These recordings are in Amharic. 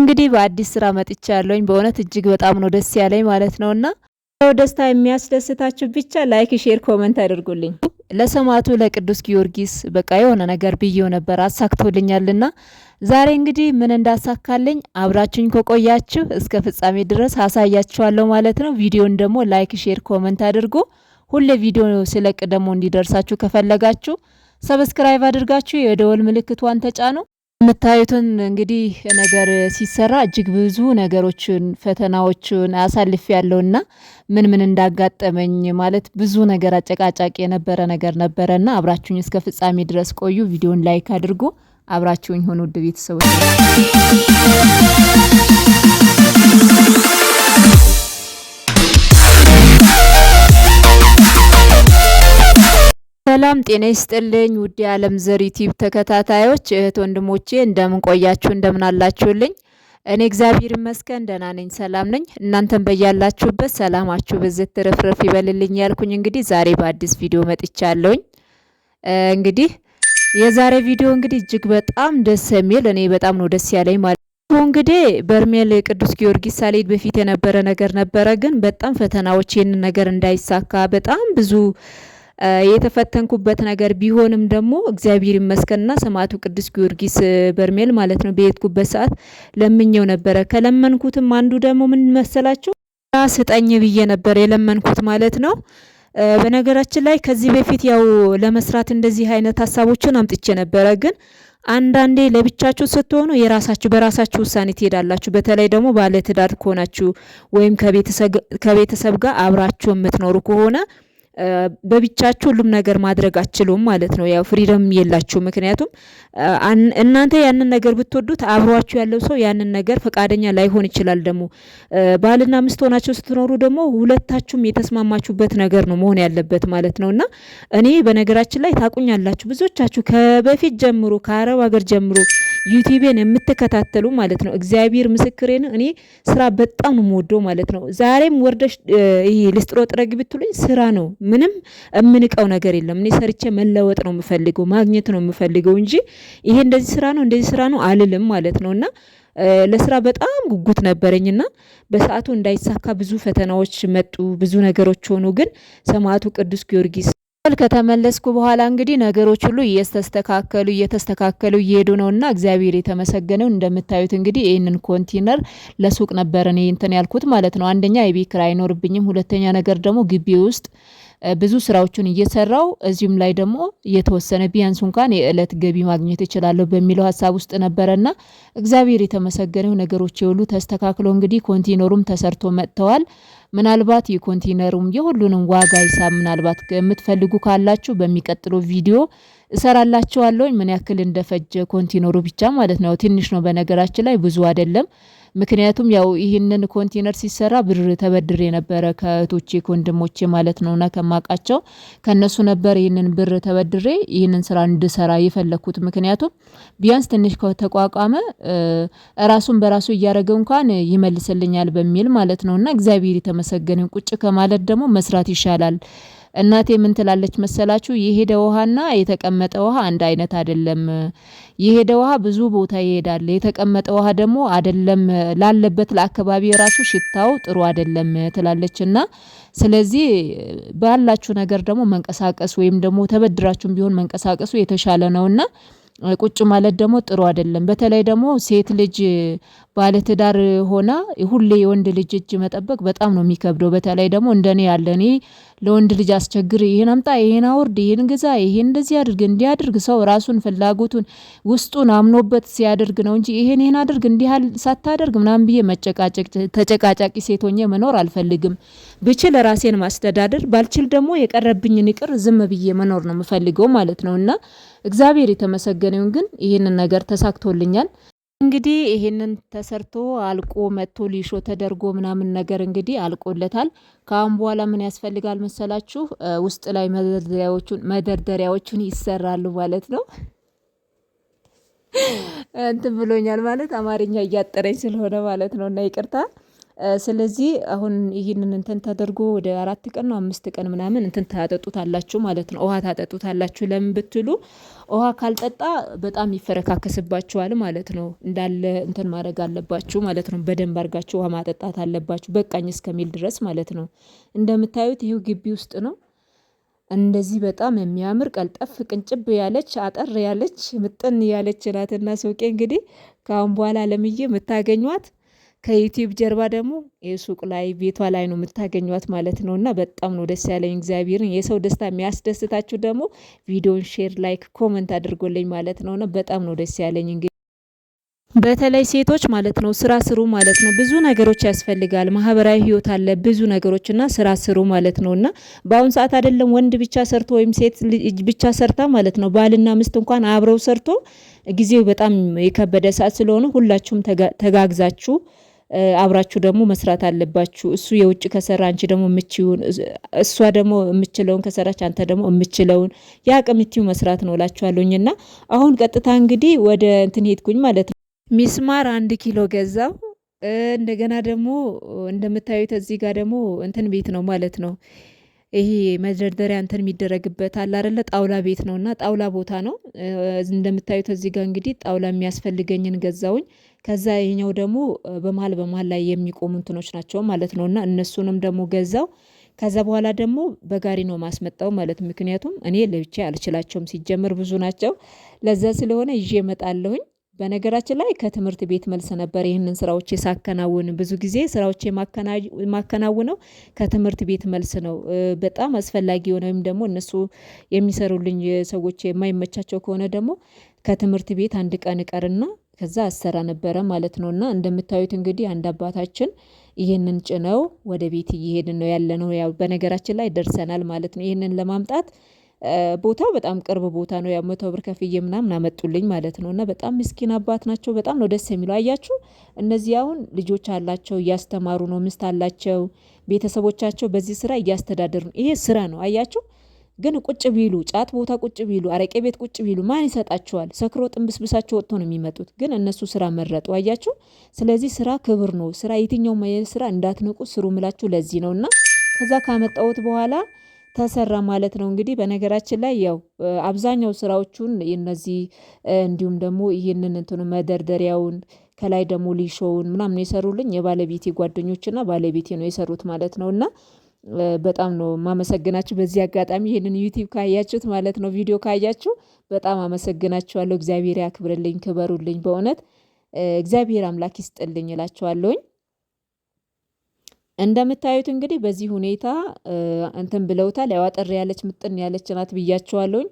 እንግዲህ በአዲስ ስራ መጥቻ ያለውኝ በእውነት እጅግ በጣም ነው ደስ ያለኝ ማለት ነው። እና ደስታ የሚያስደስታችሁ ብቻ ላይክ፣ ሼር፣ ኮመንት አድርጉልኝ። ለሰማዕቱ ለቅዱስ ጊዮርጊስ በቃ የሆነ ነገር ብዬው ነበር አሳክቶልኛልና ዛሬ እንግዲህ ምን እንዳሳካልኝ አብራችሁኝ ከቆያችሁ እስከ ፍጻሜ ድረስ አሳያችኋለሁ ማለት ነው። ቪዲዮን ደግሞ ላይክ፣ ሼር፣ ኮመንት አድርጉ። ሁሌ ቪዲዮ ስለቅ ደግሞ እንዲደርሳችሁ ከፈለጋችሁ ሰብስክራይብ አድርጋችሁ የደወል ምልክቷን ተጫኑ። የምታዩትን እንግዲህ ነገር ሲሰራ እጅግ ብዙ ነገሮችን ፈተናዎችን ያለውና ምን ምን እንዳጋጠመኝ ማለት ብዙ ነገር አጨቃጫቂ የነበረ ነገር ነበረና አብራችሁኝ እስከ ፍጻሜ ድረስ ቆዩ። ቪዲዮን ላይክ አድርጉ። አብራችሁኝ ሆኑ ውድ ቤተሰቦች ሰላም ጤና ይስጥልኝ ውድ የዓለም ዘር ዩቲዩብ ተከታታዮች እህት ወንድሞቼ፣ እንደምን ቆያችሁ? እንደምን አላችሁልኝ? እኔ እግዚአብሔር ይመስገን ደህና ነኝ፣ ሰላም ነኝ። እናንተም በያላችሁበት ሰላማችሁ ብዝት ትርፍርፍ ይበልልኝ ያልኩኝ እንግዲህ ዛሬ በአዲስ ቪዲዮ መጥቻለሁኝ። እንግዲህ የዛሬ ቪዲዮ እንግዲህ እጅግ በጣም ደስ የሚል እኔ በጣም ነው ደስ ያለኝ ማለት እንግዲህ በርሜል ቅዱስ ጊዮርጊስ ሳሌድ በፊት የነበረ ነገር ነበረ፣ ግን በጣም ፈተናዎች ይህንን ነገር እንዳይሳካ በጣም ብዙ የተፈተንኩበት ነገር ቢሆንም ደግሞ እግዚአብሔር ይመስገንና ሰማዕቱ ቅዱስ ጊዮርጊስ በርሜል ማለት ነው በሄድኩበት ሰዓት ለምኘው ነበረ። ከለመንኩትም አንዱ ደግሞ ምን መሰላችሁ? ስጠኝ ብዬ ነበር የለመንኩት ማለት ነው። በነገራችን ላይ ከዚህ በፊት ያው ለመስራት እንደዚህ አይነት ሀሳቦችን አምጥቼ ነበረ ግን አንዳንዴ ለብቻችሁ ስትሆኑ የራሳችሁ በራሳችሁ ውሳኔ ትሄዳላችሁ። በተለይ ደግሞ ባለ ትዳር ከሆናችሁ ወይም ከቤተሰብ ጋር አብራችሁ የምትኖሩ ከሆነ በብቻችሁ ሁሉም ነገር ማድረግ አትችሉም ማለት ነው። ያው ፍሪደም የላችሁ። ምክንያቱም እናንተ ያንን ነገር ብትወዱት አብሯችሁ ያለው ሰው ያንን ነገር ፈቃደኛ ላይሆን ይችላል። ደግሞ ባልና ሚስት ሆናችሁ ስትኖሩ ደግሞ ሁለታችሁም የተስማማችሁበት ነገር ነው መሆን ያለበት ማለት ነው። እና እኔ በነገራችን ላይ ታቁኛላችሁ ብዙዎቻችሁ ከበፊት ጀምሮ ከአረብ ሀገር ጀምሮ ዩቲቤን የምትከታተሉ ማለት ነው። እግዚአብሔር ምስክሬን እኔ ስራ በጣም ነው የምወደው ማለት ነው። ዛሬም ወርደሽ ይሄ ልስጥሮ ጥረግ ብትሉኝ ስራ ነው ምንም እምንቀው ነገር የለም። እኔ ሰርቼ መለወጥ ነው የምፈልገው፣ ማግኘት ነው የምፈልገው እንጂ ይሄ እንደዚህ ስራ ነው እንደዚህ ስራ ነው አልልም ማለት ነው እና ለስራ በጣም ጉጉት ነበረኝና በሰዓቱ እንዳይሳካ ብዙ ፈተናዎች መጡ፣ ብዙ ነገሮች ሆኑ። ግን ሰማዕቱ ቅዱስ ጊዮርጊስ ከተመለስኩ በኋላ እንግዲህ ነገሮች ሁሉ እየተስተካከሉ እየተስተካከሉ እየሄዱ ነው እና እግዚአብሔር የተመሰገነው። እንደምታዩት እንግዲህ ይህንን ኮንቴነር ለሱቅ ነበር እኔ እንትን ያልኩት ማለት ነው። አንደኛ የቤት ኪራይ አይኖርብኝም፣ ሁለተኛ ነገር ደግሞ ግቢ ውስጥ ብዙ ስራዎችን እየሰራው እዚሁም ላይ ደግሞ የተወሰነ ቢያንስ እንኳን የእለት ገቢ ማግኘት እችላለሁ በሚለው ሀሳብ ውስጥ ነበረና እግዚአብሔር የተመሰገነው ነገሮች የሁሉ ተስተካክሎ እንግዲህ ኮንቲነሩም ተሰርቶ መጥተዋል። ምናልባት የኮንቲነሩም የሁሉንም ዋጋ ሂሳብ ምናልባት የምትፈልጉ ካላችሁ በሚቀጥለው ቪዲዮ እሰራላችኋለሁኝ ምን ያክል እንደፈጀ ኮንቲነሩ ብቻ ማለት ነው። ትንሽ ነው በነገራችን ላይ ብዙ አይደለም። ምክንያቱም ያው ይህንን ኮንቴነር ሲሰራ ብር ተበድሬ ነበረ ከእህቶቼ ከወንድሞቼ ማለት ነውና ከማቃቸው ከነሱ ነበር ይህንን ብር ተበድሬ ይህንን ስራ እንድሰራ የፈለግኩት። ምክንያቱም ቢያንስ ትንሽ ከተቋቋመ ራሱን በራሱ እያደረገ እንኳን ይመልስልኛል በሚል ማለት ነውና እግዚአብሔር የተመሰገንን ቁጭ ከማለት ደግሞ መስራት ይሻላል። እናቴ ምን ትላለች መሰላችሁ? የሄደ ውሃና የተቀመጠ ውሃ አንድ አይነት አይደለም። የሄደ ውሃ ብዙ ቦታ ይሄዳል። የተቀመጠ ውሃ ደግሞ አይደለም ላለበት ለአካባቢ ራሱ ሽታው ጥሩ አይደለም ትላለች እና ስለዚህ ባላችሁ ነገር ደግሞ መንቀሳቀስ ወይም ደግሞ ተበድራችሁም ቢሆን መንቀሳቀሱ የተሻለ ነውና ቁጭ ማለት ደግሞ ጥሩ አይደለም። በተለይ ደግሞ ሴት ልጅ ባለትዳር ሆና ሁሌ የወንድ ልጅ እጅ መጠበቅ በጣም ነው የሚከብደው። በተለይ ደግሞ እንደኔ ያለ እኔ ለወንድ ልጅ አስቸግር ይህን አምጣ፣ ይህን አውርድ፣ ይህን ግዛ፣ ይህን እንደዚህ አድርግ፣ እንዲህ አድርግ ሰው ራሱን ፍላጎቱን ውስጡን አምኖበት ሲያደርግ ነው እንጂ ይህን ይህን አድርግ እንዲህ ሳታደርግ ምናምን ብዬ መጨቃጨቅ ተጨቃጫቂ ሴት ሆኜ መኖር አልፈልግም። ብችል ራሴን ማስተዳደር ባልችል ደግሞ የቀረብኝን ይቅር ዝም ብዬ መኖር ነው የምፈልገው ማለት ነው እና እግዚአብሔር የተመሰገነውን ግን ይህንን ነገር ተሳክቶልኛል። እንግዲህ ይህንን ተሰርቶ አልቆ መጥቶ ሊሾ ተደርጎ ምናምን ነገር እንግዲህ አልቆለታል። ከአሁን በኋላ ምን ያስፈልጋል መሰላችሁ? ውስጥ ላይ መደርደሪያዎቹን ይሰራሉ ማለት ነው። እንትን ብሎኛል ማለት አማርኛ እያጠረኝ ስለሆነ ማለት ነው እና ይቅርታ ስለዚህ አሁን ይህንን እንትን ተደርጎ ወደ አራት ቀን ነው አምስት ቀን ምናምን እንትን ታጠጡታላችሁ ማለት ነው። ውሃ ታጠጡታላችሁ ለምን ብትሉ ውሃ ካልጠጣ በጣም ይፈረካከስባችኋል ማለት ነው። እንዳለ እንትን ማድረግ አለባችሁ ማለት ነው። በደንብ አድርጋችሁ ውሃ ማጠጣት አለባችሁ በቃኝ እስከሚል ድረስ ማለት ነው። እንደምታዩት ይህ ግቢ ውስጥ ነው። እንደዚህ በጣም የሚያምር ቀልጠፍ ቅንጭብ ያለች አጠር ያለች ምጥን ያለች ናትና ሶቄ እንግዲህ ከአሁን በኋላ ለምዬ የምታገኟት ከዩቲዩብ ጀርባ ደግሞ የሱቅ ላይ ቤቷ ላይ ነው የምታገኟት ማለት ነው። እና በጣም ነው ደስ ያለኝ እግዚአብሔርን። የሰው ደስታ የሚያስደስታችሁ ደግሞ ቪዲዮን ሼር፣ ላይክ፣ ኮመንት አድርጎልኝ ማለት ነው። እና በጣም ነው ደስ ያለኝ እንግዲህ በተለይ ሴቶች ማለት ነው ስራ ስሩ ማለት ነው። ብዙ ነገሮች ያስፈልጋል። ማህበራዊ ህይወት አለ፣ ብዙ ነገሮች እና ስራ ስሩ ማለት ነው እና በአሁን ሰዓት አይደለም ወንድ ብቻ ሰርቶ ወይም ሴት ልጅ ብቻ ሰርታ ማለት ነው ባልና ምስት እንኳን አብረው ሰርቶ ጊዜው በጣም የከበደ ሰዓት ስለሆነ ሁላችሁም ተጋግዛችሁ አብራችሁ ደግሞ መስራት አለባችሁ። እሱ የውጭ ከሰራ አንቺ ደግሞ የምችውን እሷ ደግሞ የምችለውን ከሰራች አንተ ደግሞ የምችለውን ያ መስራት ነው እላችኋለሁኝ። እና አሁን ቀጥታ እንግዲህ ወደ እንትን ሄድኩኝ ማለት ነው። ሚስማር አንድ ኪሎ ገዛው። እንደገና ደግሞ እንደምታዩት እዚህ ጋር ደግሞ እንትን ቤት ነው ማለት ነው ይሄ መደርደሪያ እንትን የሚደረግበት አለ አይደለ ጣውላ ቤት ነው እና ጣውላ ቦታ ነው። እንደምታዩት እዚህ ጋር እንግዲህ ጣውላ የሚያስፈልገኝን ገዛውኝ። ከዛ ይሄኛው ደግሞ በመሃል በመሃል ላይ የሚቆሙ እንትኖች ናቸው ማለት ነው እና እነሱንም ደግሞ ገዛው። ከዛ በኋላ ደግሞ በጋሪ ነው ማስመጣው ማለት ምክንያቱም እኔ ለብቻ አልችላቸውም ሲጀምር ብዙ ናቸው። ለዛ ስለሆነ ይዤ እመጣለሁኝ በነገራችን ላይ ከትምህርት ቤት መልስ ነበር ይህንን ስራዎች ሳከናውን ብዙ ጊዜ ስራዎች የማከናውነው ከትምህርት ቤት መልስ ነው። በጣም አስፈላጊ የሆነ ወይም ደግሞ እነሱ የሚሰሩልኝ ሰዎች የማይመቻቸው ከሆነ ደግሞ ከትምህርት ቤት አንድ ቀን እቀርና ከዛ አሰራ ነበረ ማለት ነው። እና እንደምታዩት እንግዲህ አንድ አባታችን ይህንን ጭነው ወደ ቤት እየሄድን ነው ያለነው ያው በነገራችን ላይ ደርሰናል ማለት ነው። ይህንን ለማምጣት ቦታው በጣም ቅርብ ቦታ ነው። ያው መቶ ብር ከፍዬ ምናምን አመጡልኝ ማለት ነው። እና በጣም ምስኪን አባት ናቸው። በጣም ነው ደስ የሚለው። አያችሁ እነዚህ አሁን ልጆች አላቸው እያስተማሩ ነው። ምስት አላቸው። ቤተሰቦቻቸው በዚህ ስራ እያስተዳደሩ ነው። ይሄ ስራ ነው። አያችሁ ግን ቁጭ ቢሉ ጫት ቦታ ቁጭ ቢሉ አረቄ ቤት ቁጭ ቢሉ ማን ይሰጣቸዋል? ሰክሮ ጥንብስብሳቸው ወጥቶ ነው የሚመጡት። ግን እነሱ ስራ መረጡ። አያችሁ ስለዚህ ስራ ክብር ነው። ስራ የትኛው ስራ እንዳትንቁ ስሩ ምላችሁ ለዚህ ነው። እና ከዛ ካመጣሁት በኋላ ተሰራ ማለት ነው። እንግዲህ በነገራችን ላይ ያው አብዛኛው ስራዎቹን እነዚህ እንዲሁም ደግሞ ይህንን እንትኑ መደርደሪያውን ከላይ ደግሞ ሊሾውን ምናምን የሰሩልኝ የባለቤቴ ጓደኞች ባለቤቴ ነው የሰሩት ማለት ነው። እና በጣም ነው ማመሰግናችሁ። በዚህ አጋጣሚ ይህንን ዩቲዩብ ካያችሁት ማለት ነው ቪዲዮ ካያችሁ በጣም አመሰግናችኋለሁ እግዚአብሔር ያክብርልኝ ክበሩልኝ በእውነት እግዚአብሔር አምላክ ይስጥልኝ እላችኋለሁኝ እንደምታዩት እንግዲህ በዚህ ሁኔታ እንትን ብለውታል። ያው አጠር ያለች ምጥን ያለች ናት ብያችኋለሁኝ።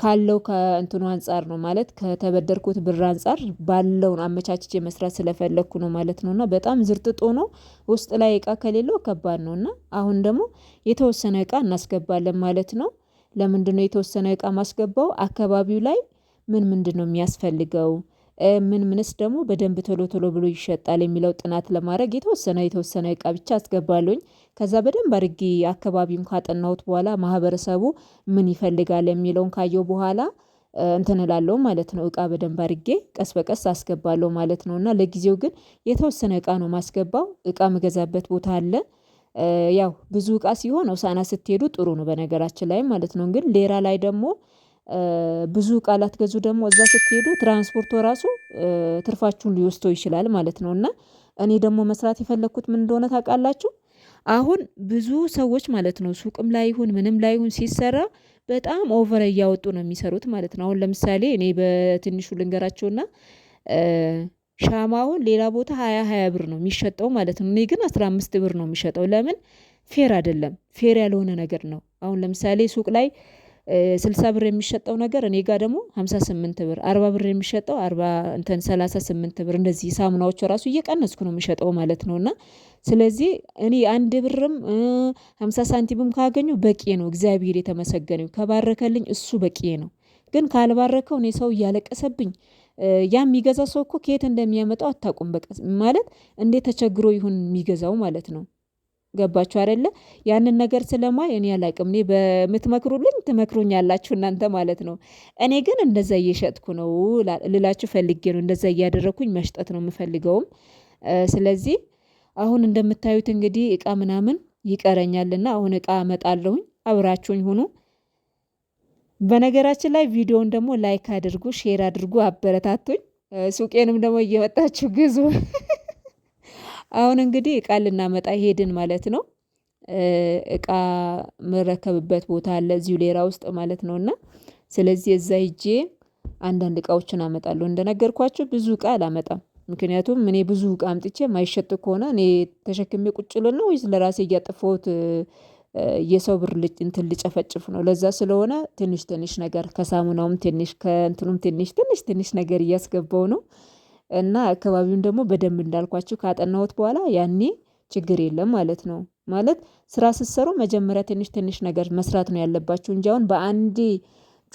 ካለው ከእንትኑ አንጻር ነው ማለት ከተበደርኩት ብር አንጻር ባለውን አመቻችቼ መስራት ስለፈለግኩ ነው ማለት ነው። እና በጣም ዝርጥጦ ነው ውስጥ ላይ እቃ ከሌለው ከባድ ነው። እና አሁን ደግሞ የተወሰነ እቃ እናስገባለን ማለት ነው። ለምንድነው የተወሰነ እቃ ማስገባው? አካባቢው ላይ ምን ምንድነው የሚያስፈልገው ምን ምንስ ደግሞ በደንብ ቶሎ ቶሎ ብሎ ይሸጣል የሚለው ጥናት ለማድረግ የተወሰነ የተወሰነ እቃ ብቻ አስገባለሁኝ። ከዛ በደንብ አድርጌ አካባቢውን ካጠናሁት በኋላ ማህበረሰቡ ምን ይፈልጋል የሚለውን ካየው በኋላ እንትን እላለሁ ማለት ነው። እቃ በደንብ አድርጌ ቀስ በቀስ አስገባለሁ ማለት ነው። እና ለጊዜው ግን የተወሰነ እቃ ነው የማስገባው እቃ ምገዛበት ቦታ አለ። ያው ብዙ እቃ ሲሆን ሆሳዕና ስትሄዱ ጥሩ ነው በነገራችን ላይ ማለት ነው። ግን ሌላ ላይ ደግሞ ብዙ ቃላት ገዙ ደግሞ እዛ ስትሄዱ ትራንስፖርቱ ራሱ ትርፋችሁን ሊወስደው ይችላል ማለት ነው። እና እኔ ደግሞ መስራት የፈለኩት ምን እንደሆነ ታውቃላችሁ? አሁን ብዙ ሰዎች ማለት ነው ሱቅም ላይ ይሁን ምንም ላይ ይሁን ሲሰራ በጣም ኦቨር እያወጡ ነው የሚሰሩት ማለት ነው። አሁን ለምሳሌ እኔ በትንሹ ልንገራቸውና ሻማ አሁን ሌላ ቦታ ሀያ ሀያ ብር ነው የሚሸጠው ማለት ነው። እኔ ግን አስራ አምስት ብር ነው የሚሸጠው ለምን ፌር አይደለም ፌር ያልሆነ ነገር ነው። አሁን ለምሳሌ ሱቅ ላይ ስልሳ ብር የሚሸጠው ነገር እኔ ጋር ደግሞ ሃምሳ ስምንት ብር አርባ ብር የሚሸጠው አርባ እንትን ሰላሳ ስምንት ብር እንደዚህ ሳሙናዎቹ ራሱ እየቀነስኩ ነው የሚሸጠው ማለት ነው። እና ስለዚህ እኔ አንድ ብርም ሀምሳ ሳንቲምም ካገኘሁ በቂ ነው እግዚአብሔር የተመሰገነ ከባረከልኝ እሱ በቂ ነው። ግን ካልባረከው እኔ ሰው እያለቀሰብኝ ያ የሚገዛ ሰው እኮ ከየት እንደሚያመጣው አታውቁም በቃ ማለት እንዴት ተቸግሮ ይሁን የሚገዛው ማለት ነው ገባችሁ አይደለ? ያንን ነገር ስለማይ እኔ አላቅም። እኔ በምትመክሩልኝ ያላችሁ እናንተ ማለት ነው። እኔ ግን እንደዛ እየሸጥኩ ነው ልላችሁ ፈልጌ ነው። እንደዛ እያደረኩኝ መሽጠት ነው የምፈልገውም። ስለዚህ አሁን እንደምታዩት እንግዲህ እቃ ምናምን ይቀረኛልና አሁን እቃ እመጣለሁኝ። አብራችሁኝ ሁኑ። በነገራችን ላይ ቪዲዮውን ደግሞ ላይክ አድርጉ፣ ሼር አድርጉ፣ አበረታቱኝ። ሱቄንም ደግሞ እየመጣችሁ ግዙ። አሁን እንግዲህ እቃ ልናመጣ ሄድን ማለት ነው። እቃ ምረከብበት ቦታ አለ እዚሁ ሌራ ውስጥ ማለት ነው። እና ስለዚህ እዛ ሄጄ አንዳንድ እቃዎችን አመጣለሁ እንደነገርኳቸው ብዙ እቃ አላመጣም ምክንያቱም እኔ ብዙ እቃ አምጥቼ የማይሸጥ ከሆነ እኔ ተሸክሜ ቁጭ ነው ወይስ ለራሴ እያጠፋሁት የሰው ብር እንትን ልጨፈጭፍ ነው? ለዛ ስለሆነ ትንሽ ትንሽ ነገር ከሳሙናውም ትንሽ ከእንትኑም ትንሽ ትንሽ ትንሽ ነገር እያስገባው ነው እና አካባቢውን ደግሞ በደንብ እንዳልኳችሁ ካጠናሁት በኋላ ያኔ ችግር የለም ማለት ነው። ማለት ስራ ስትሰሩ መጀመሪያ ትንሽ ትንሽ ነገር መስራት ነው ያለባችሁ እንጂ አሁን በአንዴ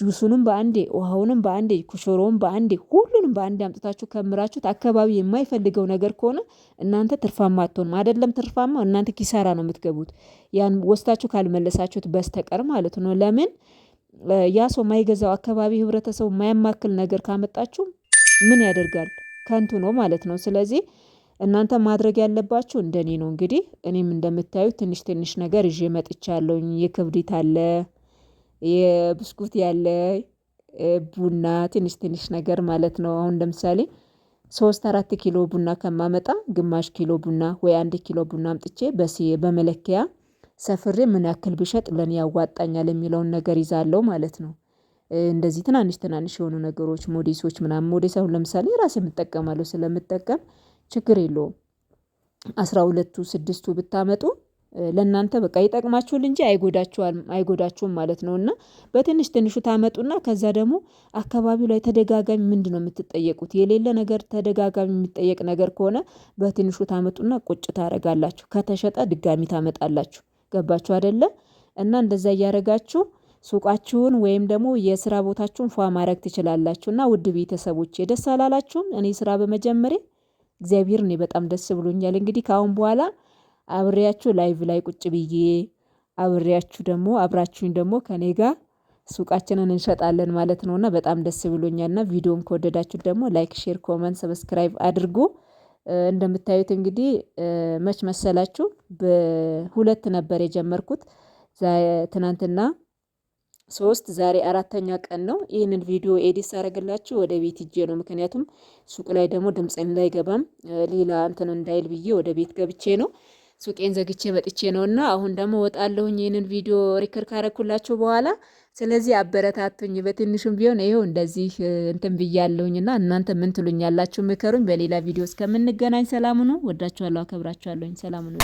ጁሱንም በአንዴ ውሃውንም በአንዴ ኩሾሮውን በአንዴ ሁሉንም በአንዴ አምጥታችሁ ከምራችሁት አካባቢ የማይፈልገው ነገር ከሆነ እናንተ ትርፋማ አትሆንም አይደለም ትርፋማ እናንተ ኪሳራ ነው የምትገቡት። ያን ወስታችሁ ካልመለሳችሁት በስተቀር ማለት ነው። ለምን? ያ ሰው የማይገዛው አካባቢ ህብረተሰቡ የማያማክል ነገር ካመጣችሁ ምን ያደርጋል ከንቱ ነው ማለት ነው። ስለዚህ እናንተ ማድረግ ያለባችሁ እንደኔ ነው እንግዲህ እኔም እንደምታዩት ትንሽ ትንሽ ነገር ይዤ መጥቻለሁኝ የክብሪት አለ የብስኩት ያለ ቡና ትንሽ ትንሽ ነገር ማለት ነው። አሁን ለምሳሌ ሶስት አራት ኪሎ ቡና ከማመጣ ግማሽ ኪሎ ቡና ወይ አንድ ኪሎ ቡና አምጥቼ በመለኪያ ሰፍሬ ምን ያክል ብሸጥ ለኔ ያዋጣኛል የሚለውን ነገር ይዛለው ማለት ነው እንደዚህ ትናንሽ ትናንሽ የሆኑ ነገሮች ሞዴሶች ምናምን ሞዴስ አሁን ለምሳሌ ራሴ የምጠቀማለሁ ስለምጠቀም ችግር የለውም። አስራ ሁለቱ ስድስቱ ብታመጡ ለእናንተ በቃ ይጠቅማችሁል እንጂ አይጎዳችሁም ማለት ነው። እና በትንሽ ትንሹ ታመጡና ከዛ ደግሞ አካባቢው ላይ ተደጋጋሚ ነው የምትጠየቁት የሌለ ነገር ተደጋጋሚ የሚጠየቅ ነገር ከሆነ በትንሹ ታመጡና ቁጭ ታደርጋላችሁ ከተሸጠ ድጋሚ ታመጣላችሁ ገባችሁ አይደለ? እና እንደዛ እያደረጋችሁ ሱቃችሁን ወይም ደግሞ የስራ ቦታችሁን ፏ ማድረግ ትችላላችሁ። እና ውድ ቤተሰቦች ደስ አላላችሁም? እኔ ስራ በመጀመሬ እግዚአብሔር እኔ በጣም ደስ ብሎኛል። እንግዲህ ከአሁን በኋላ አብሬያችሁ ላይቭ ላይ ቁጭ ብዬ አብሬያችሁ ደግሞ አብራችሁኝ ደግሞ ከኔ ጋር ሱቃችንን እንሸጣለን ማለት ነውና በጣም ደስ ብሎኛል። እና ቪዲዮን ከወደዳችሁ ደግሞ ላይክ፣ ሼር፣ ኮመንት፣ ሰብስክራይብ አድርጉ። እንደምታዩት እንግዲህ መች መሰላችሁ በሁለት ነበር የጀመርኩት ትናንትና ሶስት ዛሬ አራተኛ ቀን ነው። ይህንን ቪዲዮ ኤዲት ሳረግላችሁ ወደ ቤት ሂጄ ነው። ምክንያቱም ሱቅ ላይ ደግሞ ላይ ገባም ሌላ እንትን እንዳይል ብዬ ወደ ቤት ገብቼ ነው ሱቄን ዘግቼ መጥቼ ነው እና አሁን ደግሞ ወጣለሁኝ ይህንን ቪዲዮ ሪከርድ ካረኩላችሁ በኋላ ስለዚህ አበረታቱኝ። በትንሹም ቢሆን ይኸው እንደዚህ እንትን ብያለሁኝ እና እናንተ ምን ትሉኛላችሁ? ምከሩኝ። በሌላ ቪዲዮ እስከምንገናኝ ሰላም ሁኑ። ወዳችኋለሁ፣ አከብራችኋለሁኝ። ሰላም ሁኑ።